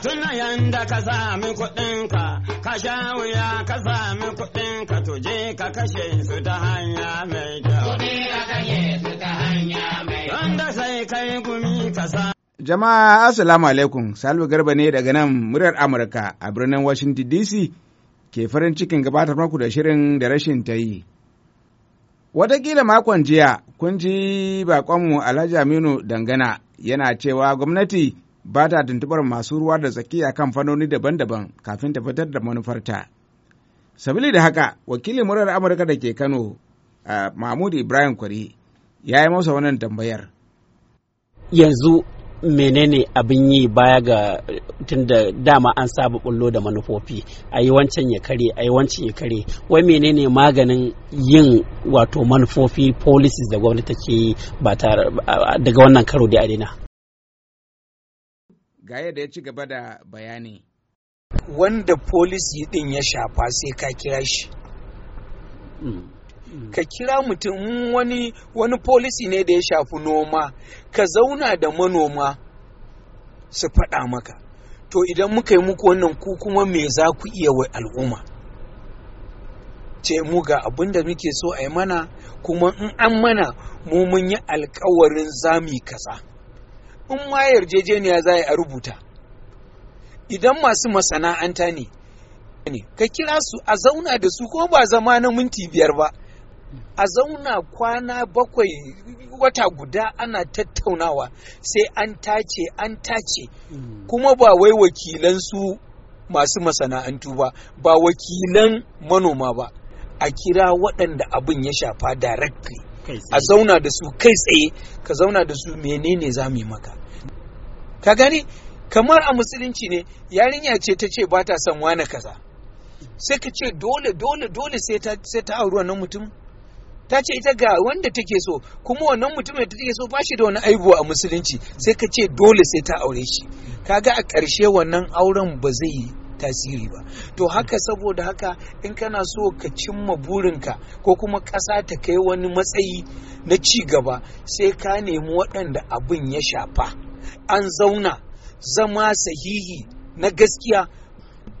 ka tuna yanda ka sami kuɗinka, ka sha wuya ka sami kuɗinka tuje ka kashe su da hanya mai kyau. ka kashe su ta hanya mai kyau. Wanda sai kai gumi ka sa. Jama'a Assalamu alaikum, Salihu Garba ne daga nan muryar Amurka a birnin Washington DC ke farin cikin gabatar maku da shirin da rashin ta yi. Wataƙila makon jiya kun ji baƙonmu Alhaji Aminu Dangana yana cewa gwamnati ba ta tuntuɓar masu ruwa da tsakiya kan fannoni daban-daban kafin ta fitar da manufarta. Sabili da haka, wakilin murar Amurka da ke Kano, Mahmud Ibrahim Kwari, ya yi masa wannan tambayar. Yanzu menene abin yi baya ga tunda dama an saba bullo da manufofi a yi wancan ya kare a yi wancan ya kare wai menene maganin yin wato manufofi policies da gwamnati take yi ba daga wannan karo da adina ga yadda ya ci gaba da bayani wanda polisi din ya shafa sai ka kira shi mm. ka kira mutum wani wani polisi ne da ya shafi noma ka zauna da manoma su faɗa maka to idan muka yi muku wannan ku kuma me za ku iya wa al'umma ce mu ga abin da muke so a yi mana kuma in an mana mu mun yi alkawarin zami kasa in ma yarjejeniya za a rubuta idan masu masana'anta ne ka kira su a zauna da su ko ba zama na minti biyar ba a zauna kwana bakwai wata guda ana tattaunawa sai an tace an tace hmm. kuma ba wai wakilansu masu masana'antu ba ba wakilan manoma ba a kira waɗanda abin ya shafa directly a zauna da su kai tsaye ka zauna da su menene za mu yi maka ka gani kamar a musulunci ne yarinya ce ta ce ba ta son wane kaza sai ka ce dole dole dole sai ta auri wannan mutum ta ce ita ga wanda take so kuma wannan mutum da take so ba shi da wani aibu a musulunci sai ka ce dole sai ta aure shi kaga a ƙarshe wannan auren ba zai yi. tasiri ba to haka saboda haka in kana so ka cimma burinka ko kuma ƙasa ta kai wani matsayi na ci gaba sai ka nemi waɗanda abin ya shafa an zauna zama sahihi na gaskiya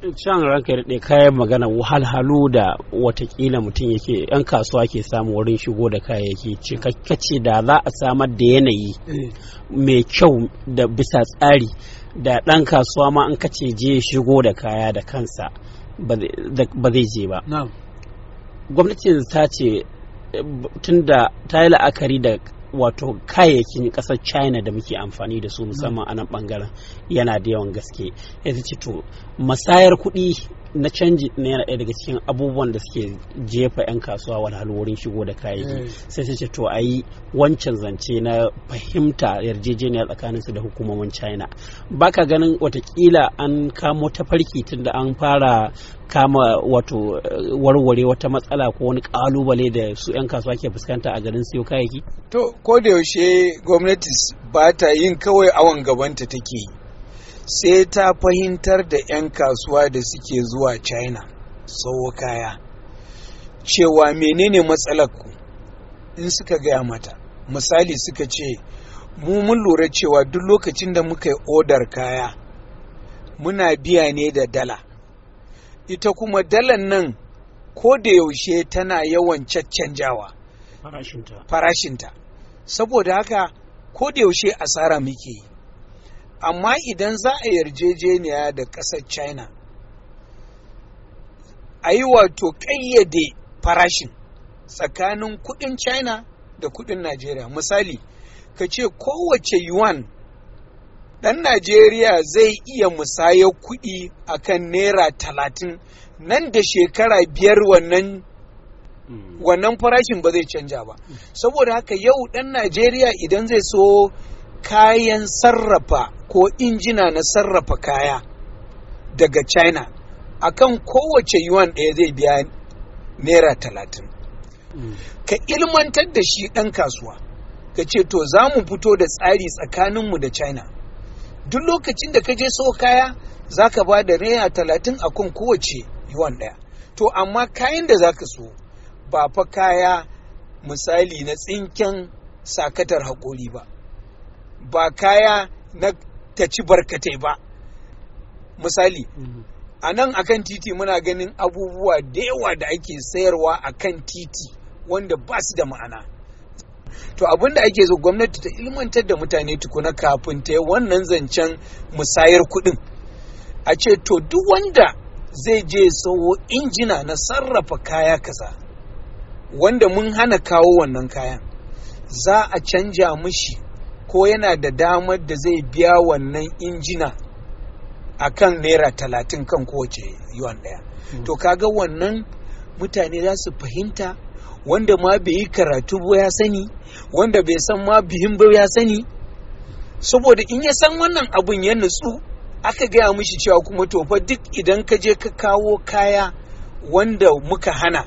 can ranka da kayan magana wahalhalu da watakila mutum yake yan kasuwa ke samu wurin shigo da kayayyaki cikakkace da za a samar da yanayi eh. mai kyau da bisa tsari da ɗan kasuwa ma an kace je shigo da kaya da kansa ba zai je ba gwamnati ta ce tun da ta yi la'akari da wato kayayyakin ƙasar china da muke amfani da su musamman a nan bangaren yana da yawan gaske ya ce to masayar kuɗi na canji na yana ɗaya daga cikin abubuwan da suke jefa 'yan kasuwa walhalu wurin shigo da kayayyaki mm. sai sai ce to a yi wancan zance na fahimta yarjejeniya tsakanin su da hukumomin china baka ganin watakila an kamo tafarki tunda an fara kama wato eh, warware wata matsala ko wani kalubale da su 'yan kasuwa ke fuskanta a garin siyo kayayyaki to ko da yaushe gwamnati ba ta yin kawai awon gabanta take yi sai ta fahimtar da 'yan kasuwa da suke zuwa china sau kaya cewa menene matsalar ku in suka gaya mata misali suka ce mu mun lura cewa duk lokacin da muka yi odar kaya muna biya ne da dala ita kuma dalan nan ko da yaushe tana yawan caccanjawa farashinta saboda haka ko da yaushe asara muke yi amma idan za a yarjejeniya da ƙasar china a yi wato ƙayyade farashin tsakanin kuɗin china da kuɗin najeriya misali ka ce kowace yuan ɗan najeriya zai iya musayar kuɗi akan naira talatin nan da shekara biyar wannan hmm. wannan farashin ba zai canja ba saboda haka yau ɗan najeriya idan zai so kayan sarrafa ko injina na sarrafa kaya daga china akan kowace yuan ɗaya zai biya naira talatin hmm. ka ilmantar da shi ɗan kasuwa ka ce to za mu fito da tsari tsakaninmu da china duk lokacin da ka je sau kaya za ka ba da naira talatin akan kowace yuan ɗaya to amma kayan da za ka so ba fa kaya misali na tsinken sakatar haƙori ba ba kaya na ta ci barkatai ba misali mm-hmm. a nan akan titi muna ganin abubuwa da yawa da ake sayarwa akan titi wanda ba su da ma'ana to abin da ake so gwamnati ta ilmantar da mutane tukuna kafin ta yi wannan zancen musayar kuɗin a ce to duk wanda zai je sawo injina na sarrafa kaya kasa, wanda mun hana kawo wannan kayan za a canja mushi ko yana da damar da zai biya wannan injina a kan naira talatin kan kowace yuwan ɗaya hmm. to kaga wannan mutane za su fahimta wanda ma bai yi karatu ba ya sani wanda bai san ma bihin ba ya sani saboda in ya san wannan abun ya nutsu aka gaya mishi cewa kuma tofa duk idan ka je ka kawo kaya wanda muka hana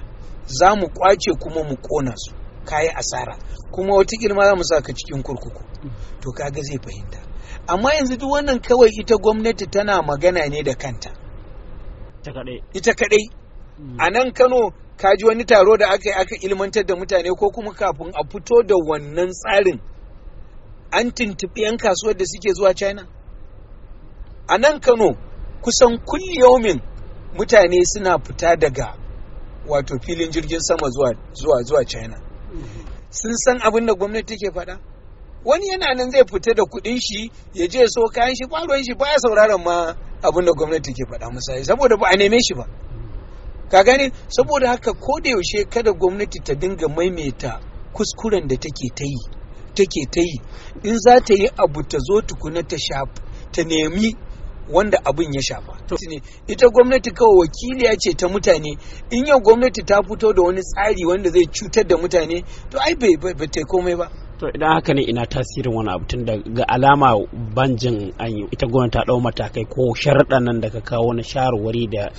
za mu kwace kuma mu kona su kayi asara kuma wata girma za mu sa ka cikin kurkuku to kaga zai fahimta amma yanzu duk wannan kawai ita gwamnati tana magana ne da kanta ita kadai hmm. a nan kano ka ji wani taro da aka yi aka ilmantar da mutane ko kuma kafin a fito da wannan tsarin an tuntuɓi 'yan kasuwar da suke zuwa china a nan kano kusan kulliyomin mutane suna fita daga wato filin jirgin sama zuwa zuwa zuwa china sun san abin da gwamnati take faɗa wani yana nan zai fita da kuɗin shi ya je so kayan shi kwaron shi baya sauraron ma abin da gwamnati ke faɗa misali saboda ba a neme shi ba ka gani saboda haka ko da yaushe kada gwamnati ta dinga maimaita kuskuren da take ta yi take ta yi in za ta yi abu ta zo tukuna ta ta nemi wanda abin ya shafa. Ita gwamnati kawai wakiliya ce ta mutane in yau gwamnati ta fito da wani tsari wanda zai cutar da mutane to ai bai ta komai ba. To idan haka ne ina tasirin wani abu tun ga alama banjin an yi ita gwamnati ta dau matakai ko sharaɗa nan da ka kawo na shawarwari da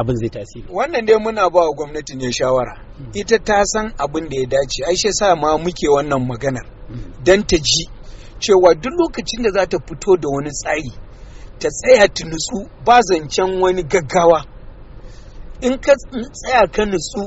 abin zai tasiri. Wannan dai muna ba wa gwamnati ne shawara. Hmm. Ita ta san abin da ya dace ai shi sa ma muke wannan maganar hmm. Dan ta ji cewa duk lokacin da za ta fito da wani tsari ta tsaya ta nutsu ba zancen wani gaggawa in ka tsaya ka nutsu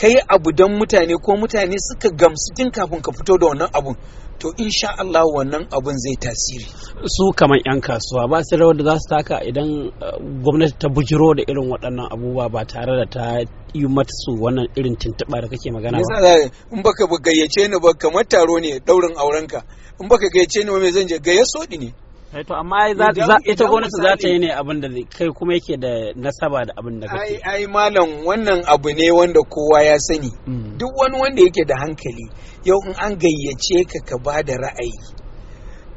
ka yi abu don mutane ko mutane suka gamsu tun kafin ka fito da wannan abun to insha Allah wannan abun zai tasiri su kamar 'yan kasuwa ba su rawar da za su taka idan uh, gwamnati ta bujiro da irin waɗannan abubuwa ba tare da ta yi su wannan irin tuntuɓa da kake magana ba in baka gayyace ni ba kamar taro ne daurin aurenka in baka gayyace ni ba mai zan je gayyaso ne Eh, to amma ita gwamnati za ta yi ne abin da kai kuma yake da nasaba da abin da kake ai malam wannan abu ne wanda kowa ya sani hmm. duk wani wanda yake da hankali yau in an gayyace ka ka ba da ra'ayi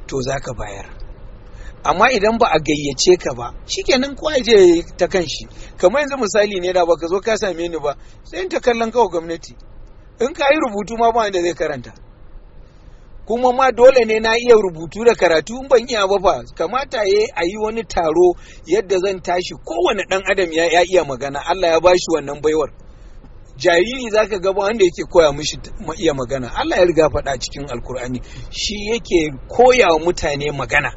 to za ka bayar amma idan ba a gayyace ka ba shikenan kowa je ta kan shi kamar yanzu misali ne da baka zo ka same ni ba sai in ta kallon kawai gwamnati in ka yi rubutu ma ba wanda zai karanta kuma ma dole ne na iya rubutu da karatu in ban iya ba fa kamata ye a yi wani taro yadda zan tashi kowane ɗan adam ya iya magana Allah ya bashi wannan baiwar jariri za ka gaba wanda yake koya mishi iya magana Allah ya riga faɗa cikin alkur'ani shi yake koya wa mutane magana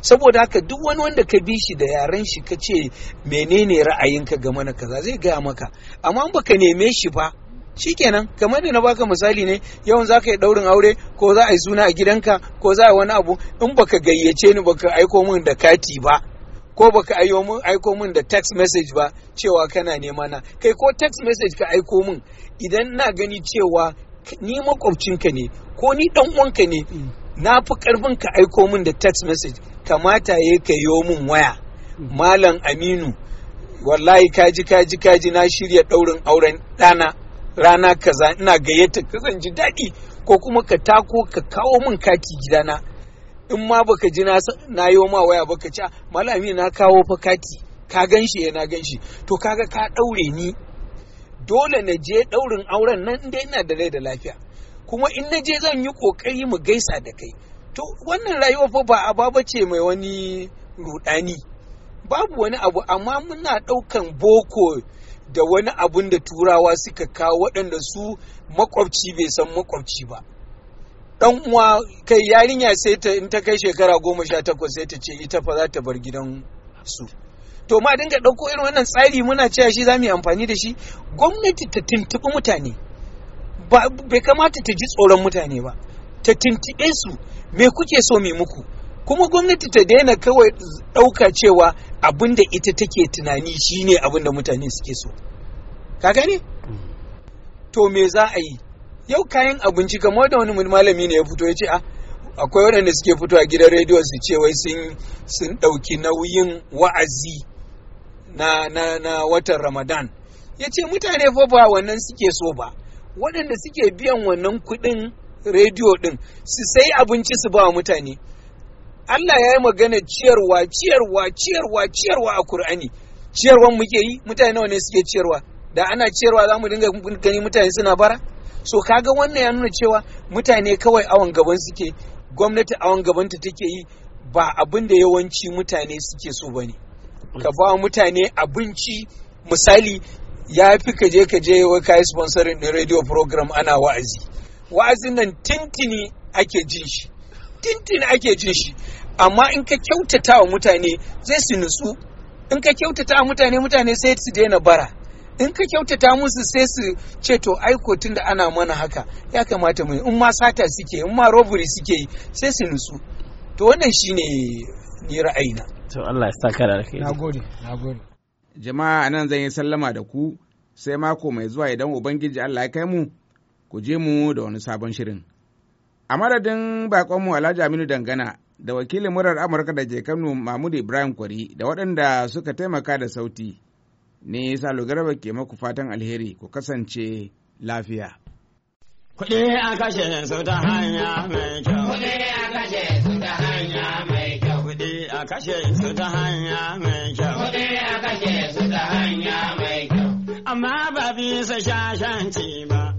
saboda haka duk wani wanda ka bi shi da yaren shi ka ce menene ra'ayinka game na kaza zai gaya maka amma baka neme shi ba shikenan kamar da na baka misali ne yawan za ka yi daurin aure ko za a yi suna a gidanka ko za a yi wani abu in baka gayyace ni baka aiko min da kati ba ko baka aiko min da text message ba cewa kana nema na kai ko text message ka aiko min idan na gani cewa ni makwabcinka ne ko ni dan uwanka ne mm. na fi karfin ka aiko min da text message kamata ya ka yo min waya mm. malam aminu wallahi kaji kaji kaji na shirya daurin auren dana rana kaza ina gayyata ka zan ji daɗi ko kuma ka tako ka kawo min kati gidana in ma baka ji na yi ma waya baka ci malami na kawo fa kati ka gan shi ya eh, na gan shi to kaga ka ɗaure ni dole na je ɗaurin auren nan inda ina da rai da lafiya kuma in na je zan yi ƙoƙari mu gaisa da kai to wannan rayuwa fa ba a ce mai wani ruɗani babu wani abu amma muna ɗaukan boko da wani abun da turawa suka kawo waɗanda su makwabci bai san makwabci ba Ɗan uwa kai yarinya sai ta in ta kai shekara goma sha takwas sai ta ce ita fa za ta bar gidan su to ma dinga ɗauko irin wannan tsari muna cewa shi za mu yi amfani da shi gwamnati ta tuntuɓi mutane bai kamata ta ji tsoron mutane ba ta tuntuɓe su me kuke so mai muku kuma gwamnati ta daina kawai ɗauka cewa abin da ita take tunani shine abin da mutane suke so ka gane to me za a yi yau kayan abinci kamar da wani malami ne ya fito ya ce a ah, akwai waɗanda suke fito a gidan rediyo su ce wai sun ɗauki nauyin wa'azi na, na, na watan ramadan ya ce mutane fa ba wannan suke so ba waɗanda suke biyan wannan kuɗin rediyo ɗin su sai abinci su ba mutane Allah ya yi magana ciyarwa ciyarwa ciyarwa ciyarwa a Kur'ani ciyarwan muke yi mutane nawa ne suke ciyarwa da ana ciyarwa za mu dinga gani mutane suna bara so kaga wannan ya nuna cewa mutane kawai awan gaban suke gwamnati awon gabanta take yi ba abin da yawanci mutane suke so bane ka ba mutane abinci misali ya fi ka je ka je wai kai sponsorin radio program ana wa'azi wa'azin nan tintini ake jin shi tintin ake jin shi amma in ka kyautata wa mutane zai su nutsu in ka kyautata wa mutane mutane sai su daina bara in ka kyautata musu sai su ce to aiko tun da ana mana haka ya kamata mu in ma sata suke in ma robbery suke yi sai su nutsu to wannan shine ni ra'ayina to Allah ya saka da kai nagode nagode jama'a anan zan yi sallama da ku sai mako mai zuwa idan ubangiji Allah ya kai mu ku je mu da wani sabon shirin A madadin bakonmu Alhaji Aminu Dangana da wakilin murar Amurka da ke Kano Mahmud Ibrahim Kwari da waɗanda suka taimaka da sauti, ne Salo Garba ke maku fatan alheri ku kasance lafiya. Kuɗi a kashe su ta hanya mai kyau. Kuɗi a kashe su ta hanya mai kyau. Kuɗi a kashe su ta hanya mai kyau. Kuɗi a kashe su ta hanya mai kyau. Amma ba bisa shashanci ba.